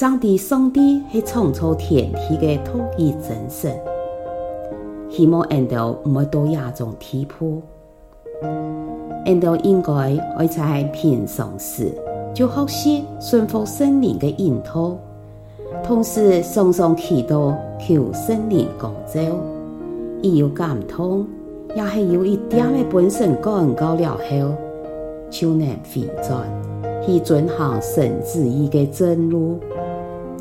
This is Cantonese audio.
上帝，上帝、送帝是創造天體嘅統一精神，希望信徒唔要多亞種體譜，信徒應該愛在平常時就學習順服神靈嘅引導，同時雙雙祈禱求神靈救助。伊有感動，也是由一點嘅本身覺到了後，就能悔轉，去轉向神旨意嘅正路。